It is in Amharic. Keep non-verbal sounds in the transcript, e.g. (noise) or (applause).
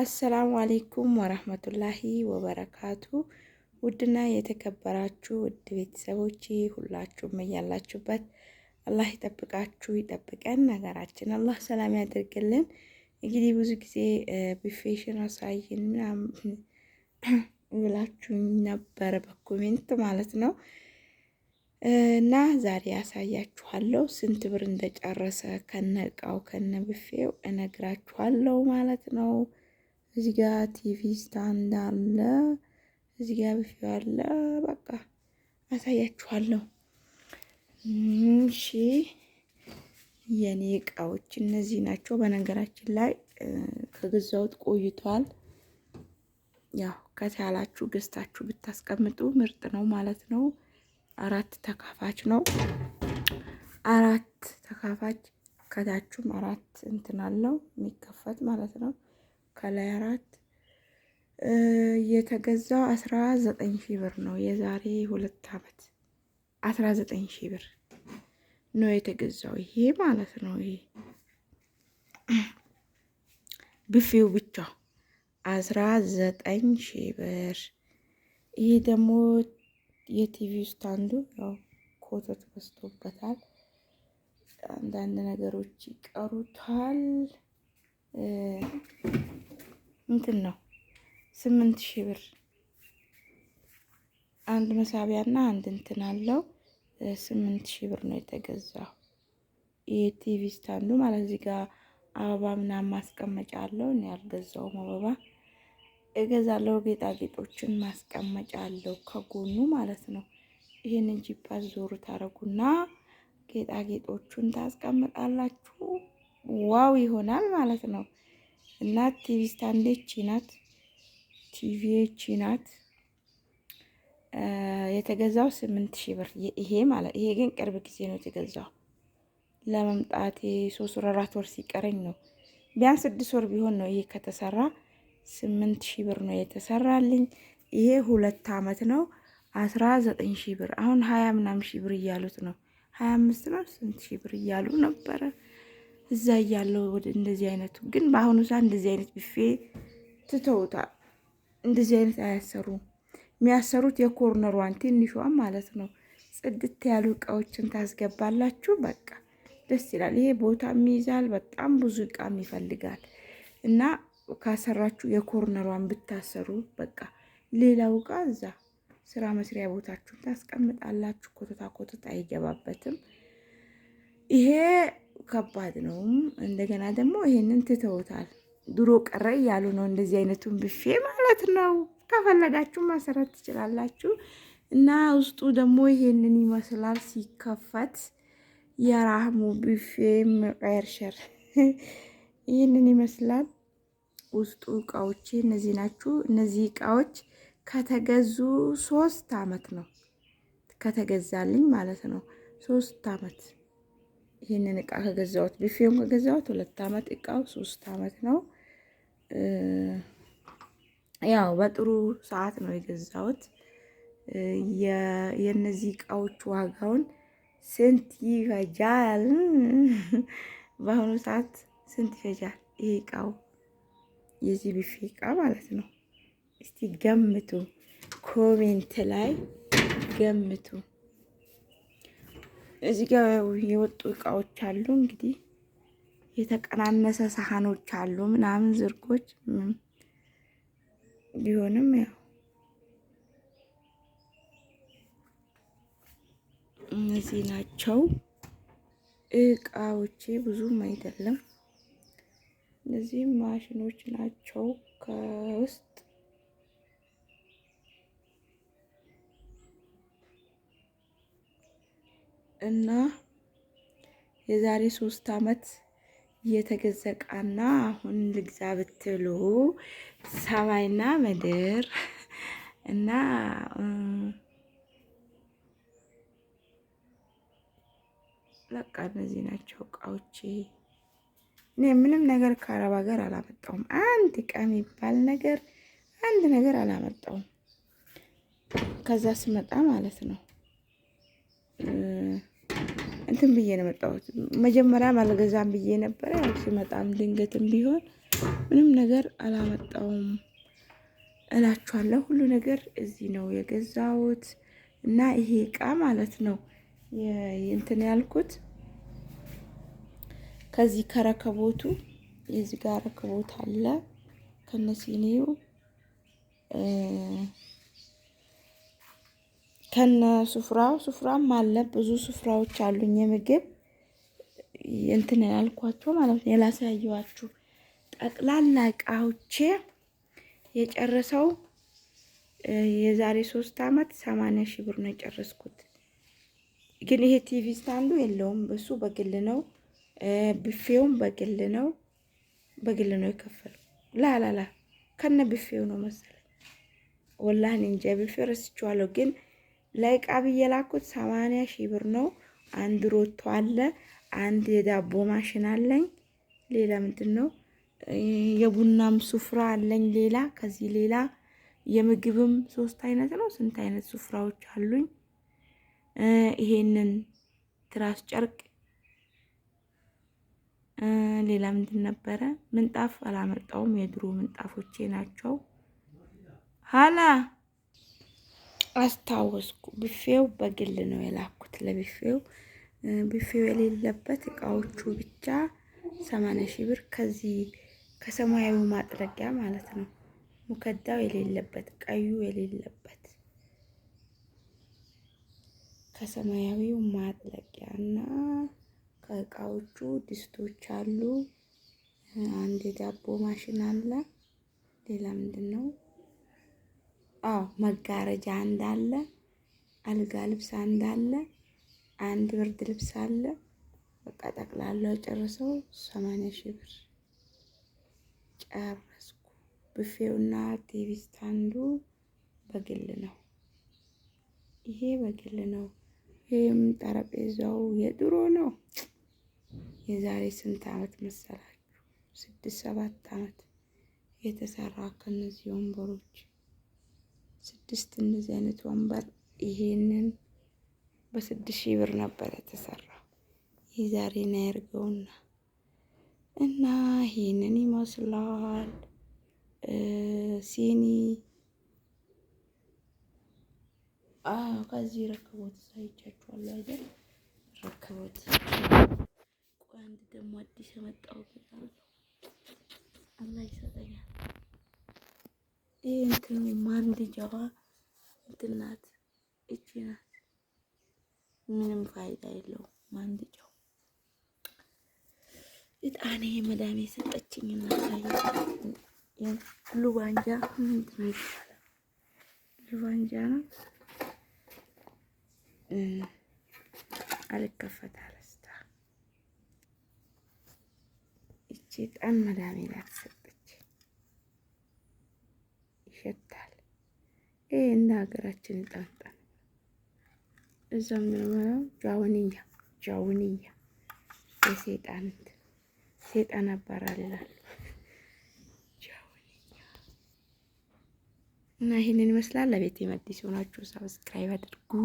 አሰላሙ አሌይኩም ወረህመቱላሂ ወበረካቱ። ውድና የተከበራችሁ ውድ ቤተሰቦች ሁላችሁም እያላችሁበት አላህ ይጠብቃችሁ ይጠብቀን፣ ነገራችን አላህ ሰላም ያደርግልን። እንግዲህ ብዙ ጊዜ ቢፌሽን አሳይን ምናምን ብላችሁኝ ነበረ በኮሜንት ማለት ነው እና ዛሬ ያሳያችኋለሁ ስንት ብር እንደጨረሰ ከነ እቃው ከነ ብፌው እነግራችኋለሁ ማለት ነው። እዚህ ጋ ቲቪ ስታንድ አለ። እዚህ ጋ አለ። በቃ አሳያችኋለሁ። እሺ የኔ እቃዎች እነዚህ ናቸው። በነገራችን ላይ ከገዛሁት ቆይቷል። ያው ከቻላችሁ ገዝታችሁ ብታስቀምጡ ምርጥ ነው ማለት ነው። አራት ተካፋች ነው። አራት ተካፋች ከታችሁም አራት እንትን አለው የሚከፈት ማለት ነው። ከላይ አራት የተገዛው አስራ ዘጠኝ ሺህ ብር ነው። የዛሬ ሁለት አመት አስራ ዘጠኝ ሺህ ብር ነው የተገዛው። ይሄ ማለት ነው ይሄ ብፌው ብቻ አስራ ዘጠኝ ሺህ ብር። ይሄ ደግሞ የቲቪ ውስጥ አንዱ ያው ኮተት በስቶበታል አንዳንድ ነገሮች ይቀሩታል። እንትን ነው ስምንት ሺህ ብር አንድ መሳቢያና አንድ እንትን አለው። ስምንት ሺህ ብር ነው የተገዛው። የቲቪ ስታንዱ ማለት እዚህ ጋር አበባ ምናምን ማስቀመጫ አለው። እኔ ያልገዛውም አበባ እገዛለሁ። ጌጣጌጦችን ማስቀመጫ አለው ከጎኑ ማለት ነው። ይህንን ጂፓስ ዞሩ ታረጉና ጌጣጌጦቹን ታስቀምጣላችሁ። ዋው ይሆናል ማለት ነው። እና ቲቪ አንዴቺ ናት። ቲቪቺ ናት። የተገዛው ስምንት ሺህ ብር ይሄ ማለት ይሄ ግን ቅርብ ጊዜ ነው የተገዛው። ለመምጣቴ ሶስት ወር አራት ወር ሲቀረኝ ነው ቢያንስ ስድስት ወር ቢሆን ነው ይሄ ከተሰራ ስምንት ሺህ ብር ነው የተሰራልኝ። ይሄ ሁለት አመት ነው አስራ ዘጠኝ ሺህ ብር አሁን ሀያ ምናምን ሺህ ብር እያሉት ነው ሀያ አምስት ነው ስንት ሺህ ብር እያሉ ነበረ። እዛ እያለው ወደ እንደዚህ አይነቱ ግን በአሁኑ ሰዓት እንደዚህ አይነት ብፌ ትተውታል። እንደዚህ አይነት አያሰሩም። የሚያሰሩት የኮርነሯን ትንሿን ማለት ነው። ጽድት ያሉ እቃዎችን ታስገባላችሁ። በቃ ደስ ይላል። ይሄ ቦታም ይይዛል፣ በጣም ብዙ እቃም ይፈልጋል እና ካሰራችሁ የኮርነሯን ብታሰሩ በቃ ሌላው እቃ እዛ ስራ መስሪያ ቦታችሁን ታስቀምጣላችሁ። ኮተታ ኮተታ አይገባበትም ይሄ ከባድ ነው። እንደገና ደግሞ ይሄንን ትተውታል። ድሮ ቀረ እያሉ ነው። እንደዚህ አይነቱን ብፌ ማለት ነው። ከፈለጋችሁ ማሰራት ትችላላችሁ። እና ውስጡ ደግሞ ይሄንን ይመስላል ሲከፈት። የራህሙ ብፌ መቀየርሸር (laughs) ይህንን ይመስላል። ውስጡ እቃዎቼ እነዚህ ናችሁ። እነዚህ እቃዎች ከተገዙ ሶስት አመት ነው ከተገዛልኝ ማለት ነው ሶስት አመት ይህንን እቃ ከገዛሁት ቢፌውን ከገዛሁት ሁለት አመት እቃው ሶስት አመት ነው። ያው በጥሩ ሰዓት ነው የገዛሁት። የእነዚህ እቃዎች ዋጋውን ስንት ይፈጃል? በአሁኑ ሰዓት ስንት ይፈጃል? ይሄ እቃው የዚህ ቢፌ እቃ ማለት ነው። እስቲ ገምቱ፣ ኮሜንት ላይ ገምቱ። እዚህ ጋር የወጡ እቃዎች አሉ። እንግዲህ የተቀናነሰ ሳህኖች አሉ ምናምን ዝርጎች ቢሆንም ያው እነዚህ ናቸው እቃዎቼ። ብዙም አይደለም። እነዚህ ማሽኖች ናቸው ከውስጥ እና የዛሬ ሶስት አመት የተገዛ እቃና አሁን ልግዛ ብትሉ ሰማይና ምድር እና በቃ እነዚህ ናቸው እቃዎቼ። እኔ ምንም ነገር ከአረብ ሀገር አላመጣውም። አንድ እቃ የሚባል ነገር አንድ ነገር አላመጣውም። ከዛ ስመጣ ማለት ነው። እንትን ብዬ ነው መጣሁት። መጀመሪያም አልገዛም ብዬ ነበረ። ያው ሲመጣም ድንገትም ቢሆን ምንም ነገር አላመጣውም እላችኋለሁ። ሁሉ ነገር እዚህ ነው የገዛሁት እና ይሄ እቃ ማለት ነው እንትን ያልኩት ከዚህ ከረከቦቱ የዚህ ጋር ረከቦት አለ ከነሲኔው ከነ ሱፍራው ሱፍራም አለ። ብዙ ሱፍራዎች አሉኝ የምግብ እንትን ያልኳቸው ማለት ነው የላሳየኋችሁ ጠቅላላ እቃዎቼ የጨረሰው የዛሬ ሶስት አመት ሰማንያ ሺህ ብር ነው የጨረስኩት። ግን ይሄ ቲቪ ስታንዱ የለውም እሱ በግል ነው። ብፌውም በግል ነው በግል ነው የከፈለው። ላላላ ከነ ብፌው ነው መሰለኝ ወላሂ እንጃ ብፌ ረስቼዋለሁ ግን ለእቃ ብዬ የላኩት ሰማንያ ሺህ ብር ነው። አንድ ሮቶ አለ። አንድ የዳቦ ማሽን አለኝ። ሌላ ምንድን ነው የቡናም ሱፍራ አለኝ። ሌላ ከዚህ ሌላ የምግብም ሶስት አይነት ነው። ስንት አይነት ሱፍራዎች አሉኝ። ይሄንን ትራስ ጨርቅ፣ ሌላ ምንድን ነበረ? ምንጣፍ አላመጣውም። የድሮ ምንጣፎቼ ናቸው ሀላ አስታወስኩ። ብፌው በግል ነው የላኩት ለብፌው። ብፌው የሌለበት እቃዎቹ ብቻ ሰማንያ ሺህ ብር ከዚህ ከሰማያዊ ማጥረጊያ ማለት ነው። ሙከዳው የሌለበት ቀዩ የሌለበት ከሰማያዊው ማጥለቂያ እና ከእቃዎቹ ድስቶች አሉ። አንድ የዳቦ ማሽን አለ። ሌላ ምንድን ነው? አዎ መጋረጃ እንዳለ አልጋ ልብስ እንዳለ አንድ ብርድ ልብስ አለ። በቃ ጠቅላላው ጨርሰው ሰማንያ ሺህ ብር ጨረስኩ። ብፌውና ቲቪ ስታንዱ በግል ነው። ይሄ በግል ነው። ይህም ጠረጴዛው የድሮ ነው። የዛሬ ስንት አመት መሰላችሁ? ስድስት ሰባት አመት የተሰራ ከነዚህ ወንበሮች ስድስት እንደዚህ አይነት ወንበር ይሄንን በስድስት ሺህ ብር ነበር የተሰራ ይህ ዛሬ ነው ያርገውና እና ይሄንን ይመስላል። ሲኒ ከዚህ ረክቦት ሳይቻችኋለሁ አይደል? ረክቦት ቆንድ ደግሞ አዲስ የመጣው አላህ ይሰጠኛል። ይህ እንትን ማንድጃዋ ልጅዋ እንትን ናት፣ እቺ ናት። ምንም ፋይዳ የለው። ማን እጣኔ መዳሜ የሰጠችኝ እና ሉባንጃ ምንድን ነው ይባላል? ሉባንጃ ነው። አልከፈት አለስታ እቺ እጣን መዳሜ ናት። ይሄ እንደ ሀገራችን ጣንጣ እዛ ምንለው ጃውንያ ጃውንያ የሴጣንት ሴጣን አባራላል እና ይህንን ይመስላል። ለቤት የመዲስ ሆናችሁ ሰብስክራይብ አድርጉ።